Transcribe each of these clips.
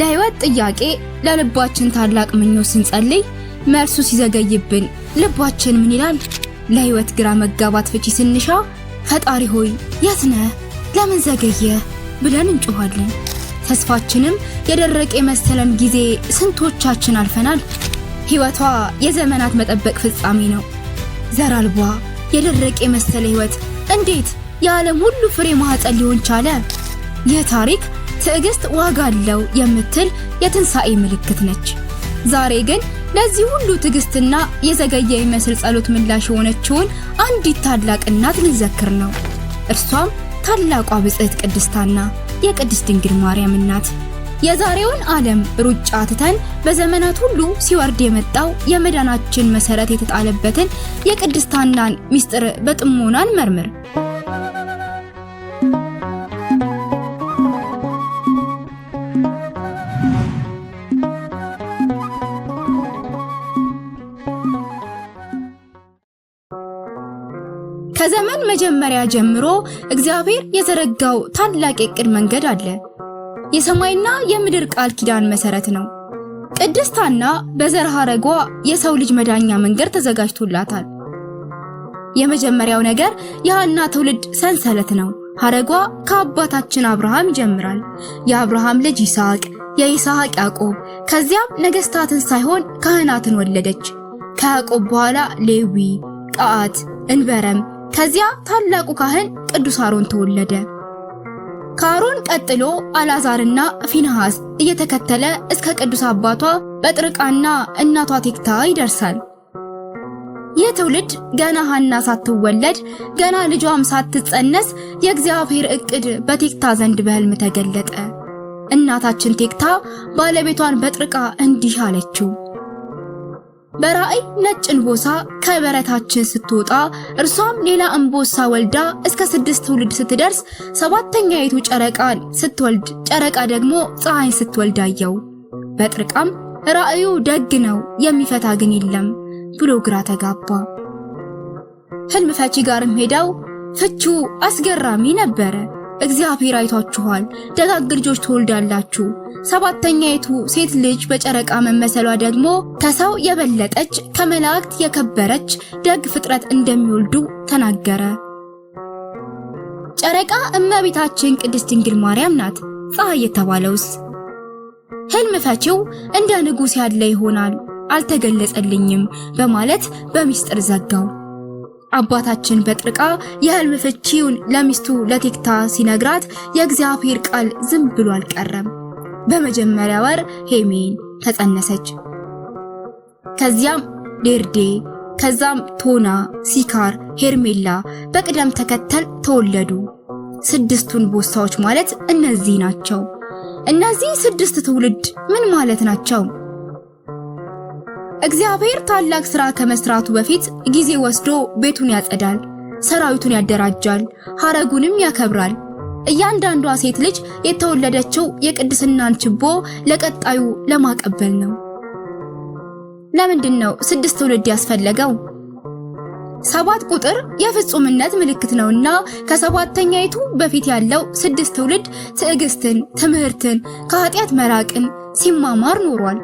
ለህይወት ጥያቄ ለልባችን ታላቅ ምኞት ስንጸልይ መልሱ ሲዘገይብን ልባችን ምን ይላል? ለህይወት ግራ መጋባት ፍቺ ስንሻ ፈጣሪ ሆይ የት ነህ? ለምን ዘገየ? ብለን እንጮኋለን። ተስፋችንም የደረቀ የመሰለን ጊዜ ስንቶቻችን አልፈናል። ህይወቷ የዘመናት መጠበቅ ፍጻሜ ነው። ዘር አልባ የደረቀ የመሰለ ህይወት እንዴት የዓለም ሁሉ ፍሬ ማህፀን ሊሆን ቻለ? ይህ ታሪክ ትዕግስት ዋጋ አለው የምትል የትንሣኤ ምልክት ነች። ዛሬ ግን ለዚህ ሁሉ ትዕግስትና የዘገየ ይመስል ጸሎት ምላሽ የሆነችውን አንዲት ታላቅ እናት ልንዘክር ነው። እርሷም ታላቋ ብጽዕት ቅድስታና የቅድስት ድንግል ማርያም እናት። የዛሬውን ዓለም ሩጫ ትተን በዘመናት ሁሉ ሲወርድ የመጣው የመዳናችን መሠረት የተጣለበትን የቅድስታናን ምስጢር በጥሞናን መርምር። ከዘመን መጀመሪያ ጀምሮ እግዚአብሔር የዘረጋው ታላቅ የቅድ መንገድ አለ። የሰማይና የምድር ቃል ኪዳን መሰረት ነው። ቅድስታና በዘር ሐረጓ የሰው ልጅ መዳኛ መንገድ ተዘጋጅቶላታል። የመጀመሪያው ነገር የሐና ትውልድ ሰንሰለት ነው። ሐረጓ ከአባታችን አብርሃም ይጀምራል። የአብርሃም ልጅ ይስሐቅ፣ የይስሐቅ ያዕቆብ። ከዚያም ነገስታትን ሳይሆን ካህናትን ወለደች። ከያዕቆብ በኋላ ሌዊ፣ ቀዓት፣ እንበረም ከዚያ ታላቁ ካህን ቅዱስ አሮን ተወለደ። ከአሮን ቀጥሎ አላዛርና ፊንሐስ እየተከተለ እስከ ቅዱስ አባቷ በጥርቃና እናቷ ቴክታ ይደርሳል። ይህ ትውልድ ገና ሐና ሳትወለድ ገና ልጇም ሳትጸነስ የእግዚአብሔር እቅድ በቴክታ ዘንድ በሕልም ተገለጠ። እናታችን ቴክታ ባለቤቷን በጥርቃ እንዲህ አለችው። በራእይ ነጭ እንቦሳ ከበረታችን ስትወጣ እርሷም ሌላ እንቦሳ ወልዳ እስከ ስድስት ትውልድ ስትደርስ ሰባተኛይቱ ጨረቃን ስትወልድ ጨረቃ ደግሞ ፀሐይን ስትወልድ አየው። በጥርቃም ራእዩ ደግ ነው የሚፈታ ግን የለም ብሎ ግራ ተጋባ። ህልም ፈቺ ጋርም ሄደው ፍቹ አስገራሚ ነበረ። እግዚአብሔር አይቷችኋል፣ ደጋግ ልጆች ትወልዳላችሁ። ሰባተኛይቱ ሴት ልጅ በጨረቃ መመሰሏ ደግሞ ከሰው የበለጠች ከመላእክት የከበረች ደግ ፍጥረት እንደሚወልዱ ተናገረ። ጨረቃ እመቤታችን ቅድስት ድንግል ማርያም ናት። ፀሐይ የተባለውስ ህልም ፈቺው እንደ ንጉሥ ያለ ይሆናል አልተገለጸልኝም በማለት በሚስጥር ዘጋው። አባታችን በጥርቃ የህልም ፍቺውን ለሚስቱ ለቴክታ ሲነግራት የእግዚአብሔር ቃል ዝም ብሎ አልቀረም። በመጀመሪያ ወር ሄሜን ተጸነሰች። ከዚያም ዴርዴ፣ ከዛም ቶና፣ ሲካር፣ ሄርሜላ በቅደም ተከተል ተወለዱ። ስድስቱን ቦሳዎች ማለት እነዚህ ናቸው። እነዚህ ስድስት ትውልድ ምን ማለት ናቸው? እግዚአብሔር ታላቅ ሥራ ከመስራቱ በፊት ጊዜ ወስዶ ቤቱን ያጸዳል፣ ሰራዊቱን ያደራጃል፣ ሐረጉንም ያከብራል። እያንዳንዷ ሴት ልጅ የተወለደችው የቅድስናን ችቦ ለቀጣዩ ለማቀበል ነው። ለምንድን ነው ስድስት ትውልድ ያስፈለገው? ሰባት ቁጥር የፍጹምነት ምልክት ነውና ከሰባተኛይቱ በፊት ያለው ስድስት ትውልድ ትዕግስትን፣ ትምህርትን፣ ከኃጢአት መራቅን ሲማማር ኖሯል።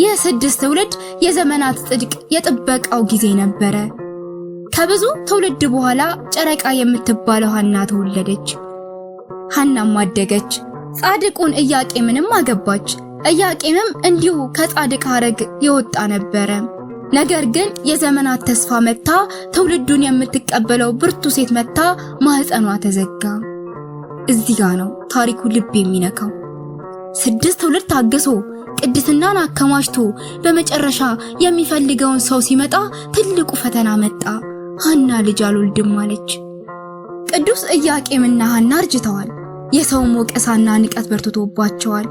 ይህ ስድስት ትውልድ የዘመናት ጽድቅ የጥበቃው ጊዜ ነበረ። ከብዙ ትውልድ በኋላ ጨረቃ የምትባለው ሐና ተወለደች። ሐናም አደገች፣ ጻድቁን እያቄምንም አገባች። እያቄምም እንዲሁ ከጻድቅ ሐረግ የወጣ ነበረ። ነገር ግን የዘመናት ተስፋ መታ፣ ትውልዱን የምትቀበለው ብርቱ ሴት መታ፣ ማህፀኗ ተዘጋ። እዚህ ጋ ነው ታሪኩ ልብ የሚነካው። ስድስት ትውልድ ታግሶ ቅድስናን አከማችቶ በመጨረሻ የሚፈልገውን ሰው ሲመጣ ትልቁ ፈተና መጣ። ሐና ልጅ አልወልድም አለች። ቅዱስ ኢያቄምና ሐና አርጅተዋል። የሰውም ወቀሳና ንቀት በርትቶባቸዋል።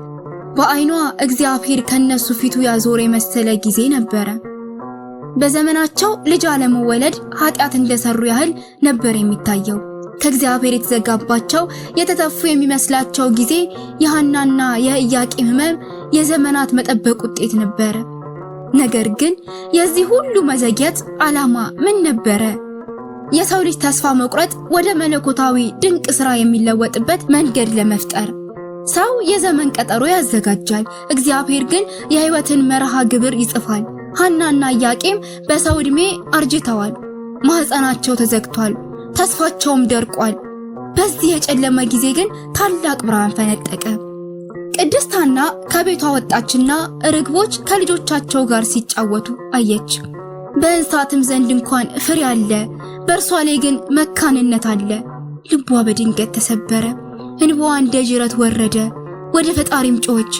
በዓይኗ እግዚአብሔር ከነሱ ፊቱ ያዞረ የመሰለ ጊዜ ነበረ። በዘመናቸው ልጅ አለመወለድ ኃጢአት እንደሰሩ ያህል ነበር የሚታየው። ከእግዚአብሔር የተዘጋባቸው የተተፉ የሚመስላቸው ጊዜ የሐናና የኢያቄም ህመም ። የዘመናት መጠበቅ ውጤት ነበረ። ነገር ግን የዚህ ሁሉ መዘግየት ዓላማ ምን ነበረ? የሰው ልጅ ተስፋ መቁረጥ ወደ መለኮታዊ ድንቅ ሥራ የሚለወጥበት መንገድ ለመፍጠር ሰው የዘመን ቀጠሮ ያዘጋጃል። እግዚአብሔር ግን የሕይወትን መርሃ ግብር ይጽፋል። ሐናና ኢያቄም በሰው ዕድሜ አርጅተዋል። ማህፀናቸው ተዘግቷል፣ ተስፋቸውም ደርቋል። በዚህ የጨለመ ጊዜ ግን ታላቅ ብርሃን ፈነጠቀ። ቅድስታና ከቤቷ ወጣችና ርግቦች ከልጆቻቸው ጋር ሲጫወቱ አየች። በእንስሳትም ዘንድ እንኳን ፍሬ አለ፣ በእርሷ ላይ ግን መካንነት አለ። ልቧ በድንገት ተሰበረ፣ እንባዋ እንደ ጅረት ወረደ። ወደ ፈጣሪም ጮኸች።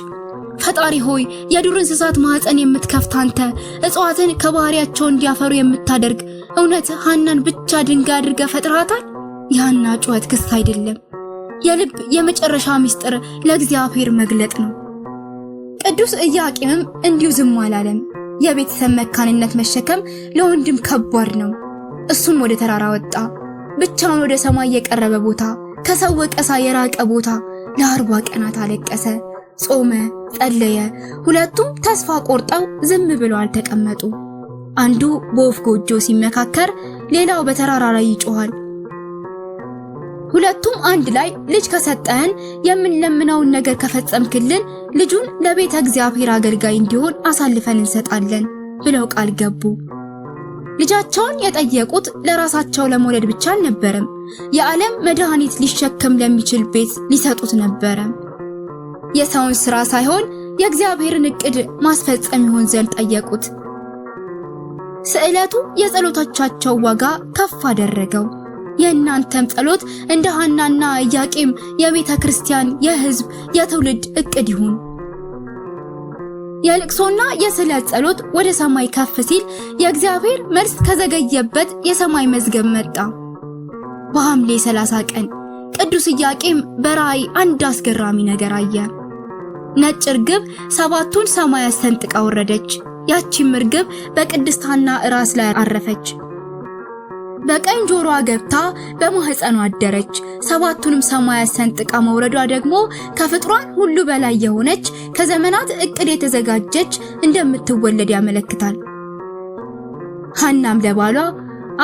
ፈጣሪ ሆይ የዱር እንስሳት ማኅፀን የምትከፍት አንተ እጽዋትን ከባህሪያቸው እንዲያፈሩ የምታደርግ እውነት ሐናን ብቻ ድንጋይ አድርገ ፈጥረሃታል። የሐና ጩኸት ክስ አይደለም፣ የልብ የመጨረሻ ምስጢር ለእግዚአብሔር መግለጥ ነው። ቅዱስ ኢያቄምም እንዲሁ ዝም አላለም። የቤተሰብ መካንነት መሸከም ለወንድም ከባድ ነው። እሱም ወደ ተራራ ወጣ። ብቻውን ወደ ሰማይ የቀረበ ቦታ፣ ከሰው ወቀሳ የራቀ ቦታ ለአርባ ቀናት አለቀሰ፣ ጾመ፣ ጸለየ። ሁለቱም ተስፋ ቆርጠው ዝም ብለው አልተቀመጡ። አንዱ በወፍ ጎጆ ሲመካከር፣ ሌላው በተራራ ላይ ይጮኋል። ሁለቱም አንድ ላይ ልጅ ከሰጠህን የምንለምነውን ነገር ከፈጸምክልን ልጁን ለቤተ እግዚአብሔር አገልጋይ እንዲሆን አሳልፈን እንሰጣለን ብለው ቃል ገቡ። ልጃቸውን የጠየቁት ለራሳቸው ለመውለድ ብቻ አልነበረም። የዓለም መድኃኒት ሊሸከም ለሚችል ቤት ሊሰጡት ነበረ። የሰውን ሥራ ሳይሆን የእግዚአብሔርን ዕቅድ ማስፈጸም ይሆን ዘንድ ጠየቁት። ስዕለቱ የጸሎቶቻቸው ዋጋ ከፍ አደረገው። የእናንተም ጸሎት እንደ ሐናና ኢያቄም የቤተ ክርስቲያን፣ የሕዝብ፣ የትውልድ እቅድ ይሁን። የልቅሶና የስለት ጸሎት ወደ ሰማይ ከፍ ሲል የእግዚአብሔር መልስ ከዘገየበት የሰማይ መዝገብ መጣ። በሐምሌ 30 ቀን ቅዱስ ኢያቄም በራእይ አንድ አስገራሚ ነገር አየ። ነጭ ርግብ ሰባቱን ሰማያት ሰንጥቃ ወረደች። ያቺም ርግብ በቅድስት ሐና ራስ ላይ አረፈች። በቀኝ ጆሮዋ ገብታ በማህፀኗ አደረች። ሰባቱንም ሰማያት ሰንጥቃ መውረዷ ደግሞ ከፍጥሯን ሁሉ በላይ የሆነች ከዘመናት እቅድ የተዘጋጀች እንደምትወለድ ያመለክታል። ሐናም ለባሏ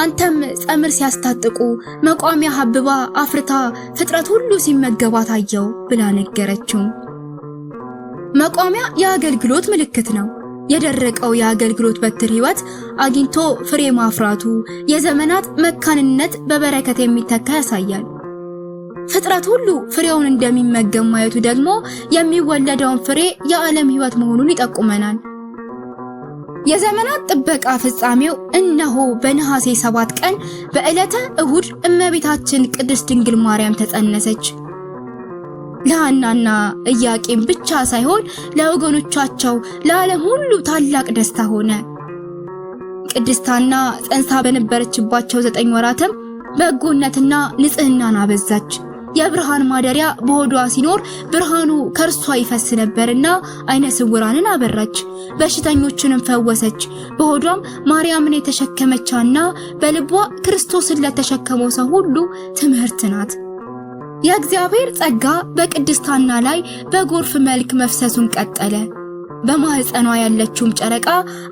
አንተም ጸምር ሲያስታጥቁ መቋሚያ ሀብባ አፍርታ ፍጥረት ሁሉ ሲመገባት አየው ብላ ነገረችው። መቋሚያ የአገልግሎት ምልክት ነው። የደረቀው የአገልግሎት በትር ህይወት አግኝቶ ፍሬ ማፍራቱ የዘመናት መካንነት በበረከት የሚተካ ያሳያል። ፍጥረት ሁሉ ፍሬውን እንደሚመገብ ማየቱ ደግሞ የሚወለደውን ፍሬ የዓለም ህይወት መሆኑን ይጠቁመናል። የዘመናት ጥበቃ ፍጻሜው እነሆ በነሐሴ ሰባት ቀን በዕለተ እሁድ እመቤታችን ቅድስት ድንግል ማርያም ተጸነሰች። ለሐናና ኢያቄም ብቻ ሳይሆን ለወገኖቻቸው፣ ለዓለም ሁሉ ታላቅ ደስታ ሆነ። ቅድስት ሐና ጸንሳ በነበረችባቸው ዘጠኝ ወራትም በጎነትና ንጽህናን አበዛች። የብርሃን ማደሪያ በሆዷ ሲኖር ብርሃኑ ከእርሷ ይፈስ ነበርና አይነ ስውራንን አበራች፣ በሽተኞችንም ፈወሰች። በሆዷም ማርያምን የተሸከመች ሐና በልቧ ክርስቶስን ለተሸከመው ሰው ሁሉ ትምህርት ናት። የእግዚአብሔር ጸጋ በቅድስት ሐና ላይ በጎርፍ መልክ መፍሰሱን ቀጠለ። በማኅፀኗ ያለችውም ጨረቃ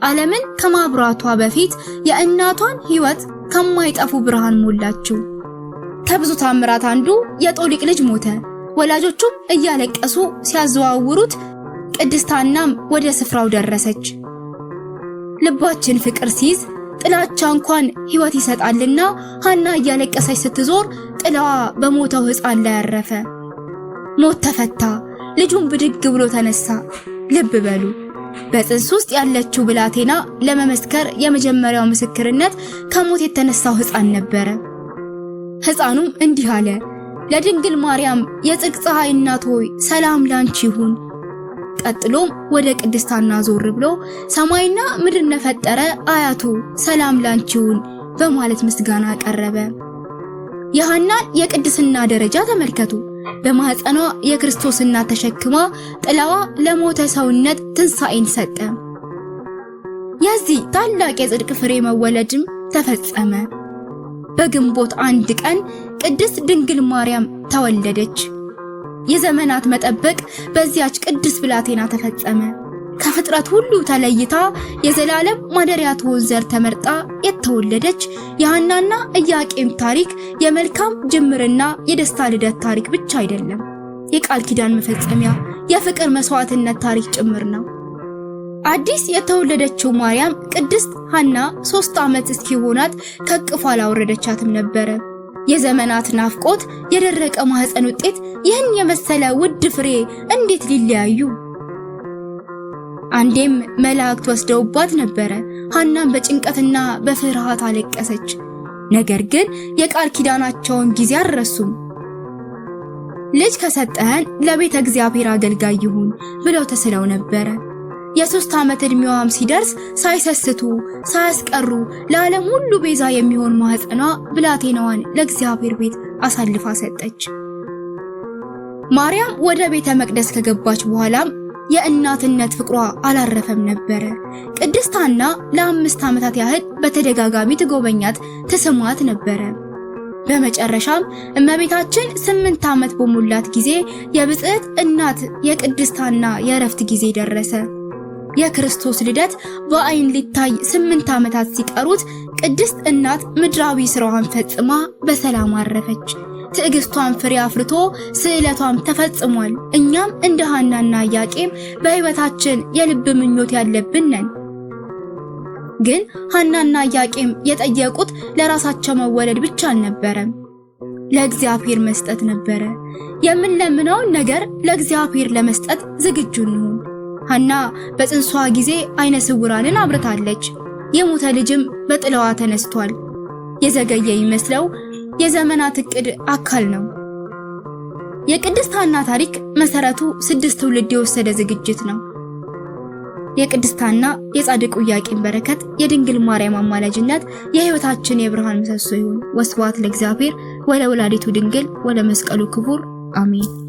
ዓለምን ከማብራቷ በፊት የእናቷን ሕይወት ከማይጠፉ ብርሃን ሞላችው። ከብዙ ታምራት አንዱ የጦሊቅ ልጅ ሞተ። ወላጆቹም እያለቀሱ ሲያዘዋውሩት፣ ቅድስት ሐናም ወደ ስፍራው ደረሰች። ልባችን ፍቅር ሲይዝ ጥላቻ እንኳን ሕይወት ይሰጣልና ሐና እያለቀሰች ስትዞር ጥላዋ በሞተው ሕፃን ላይ አረፈ። ሞት ተፈታ። ልጁም ብድግ ብሎ ተነሳ። ልብ በሉ በጽንስ ውስጥ ያለችው ብላቴና ለመመስከር የመጀመሪያው ምስክርነት ከሞት የተነሳው ሕፃን ነበረ። ሕፃኑም እንዲህ አለ፣ ለድንግል ማርያም የጽድቅ ፀሐይ እናት ሆይ ሰላም ላንቺ ይሁን። ቀጥሎም ወደ ቅድስታና ዞር ብሎ ሰማይና ምድር ፈጠረ አያቱ ሰላም ላንቺውን በማለት ምስጋና ቀረበ። የሐናን የቅድስና ደረጃ ተመልከቱ። በማኅፀኗ የክርስቶስና ተሸክማ ጥላዋ ለሞተ ሰውነት ትንሣኤን ሰጠ። የዚህ ታላቅ የጽድቅ ፍሬ መወለድም ተፈጸመ። በግንቦት አንድ ቀን ቅድስት ድንግል ማርያም ተወለደች። የዘመናት መጠበቅ በዚያች ቅድስት ብላቴና ተፈጸመ። ከፍጥረት ሁሉ ተለይታ የዘላለም ማደሪያ ትሆን ዘር ተመርጣ የተወለደች የሐናና ኢያቄም ታሪክ የመልካም ጅምርና የደስታ ልደት ታሪክ ብቻ አይደለም፣ የቃል ኪዳን መፈጸሚያ የፍቅር መስዋዕትነት ታሪክ ጭምር ነው። አዲስ የተወለደችው ማርያም ቅድስት ሐና ሶስት ዓመት እስኪሆናት ከቅፏ አላወረደቻትም ነበረ። የዘመናት ናፍቆት፣ የደረቀ ማህፀን ውጤት፣ ይህን የመሰለ ውድ ፍሬ እንዴት ሊለያዩ? አንዴም መላእክት ወስደውባት ነበረ። ሐናም በጭንቀትና በፍርሃት አለቀሰች። ነገር ግን የቃል ኪዳናቸውን ጊዜ አልረሱም። ልጅ ከሰጠህን ለቤተ እግዚአብሔር አገልጋይ ይሁን ብለው ተስለው ነበረ። የሶስት ዓመት ዕድሜዋም ሲደርስ ሳይሰስቱ ሳያስቀሩ ለዓለም ሁሉ ቤዛ የሚሆን ማኅፀኗ ብላቴናዋን ለእግዚአብሔር ቤት አሳልፋ ሰጠች። ማርያም ወደ ቤተ መቅደስ ከገባች በኋላም የእናትነት ፍቅሯ አላረፈም ነበረ። ቅድስት ሐና ለአምስት ዓመታት ያህል በተደጋጋሚ ትጎበኛት፣ ትስማት ነበረ። በመጨረሻም እመቤታችን ስምንት ዓመት በሞላት ጊዜ የብፅዕት እናት የቅድስት ሐና የእረፍት ጊዜ ደረሰ። የክርስቶስ ልደት በአይን ሊታይ ስምንት ዓመታት ሲቀሩት ቅድስት እናት ምድራዊ ስራዋን ፈጽማ በሰላም አረፈች። ትዕግስቷን ፍሬ አፍርቶ ስዕለቷም ተፈጽሟል። እኛም እንደ ሐናና ኢያቄም በሕይወታችን የልብ ምኞት ያለብን ነን። ግን ሐናና ኢያቄም የጠየቁት ለራሳቸው መወለድ ብቻ አልነበረም፣ ለእግዚአብሔር መስጠት ነበረ። የምንለምነውን ነገር ለእግዚአብሔር ለመስጠት ዝግጁ እንሁን። ሐና በጽንሷ ጊዜ አይነ ስውራንን አብርታለች። የሞተ ልጅም በጥለዋ ተነስቷል። የዘገየ ይመስለው የዘመናት እቅድ አካል ነው። የቅድስት ሐና ታሪክ መሰረቱ ስድስት ትውልድ የወሰደ ዝግጅት ነው። የቅድስት ሐና የጻድቁ ኢያቄም በረከት፣ የድንግል ማርያም አማላጅነት የሕይወታችን የብርሃን ምሰሶ ይሁን። ወስብሐት ለእግዚአብሔር ወለወላዲቱ ድንግል ወለመስቀሉ ክቡር አሜን።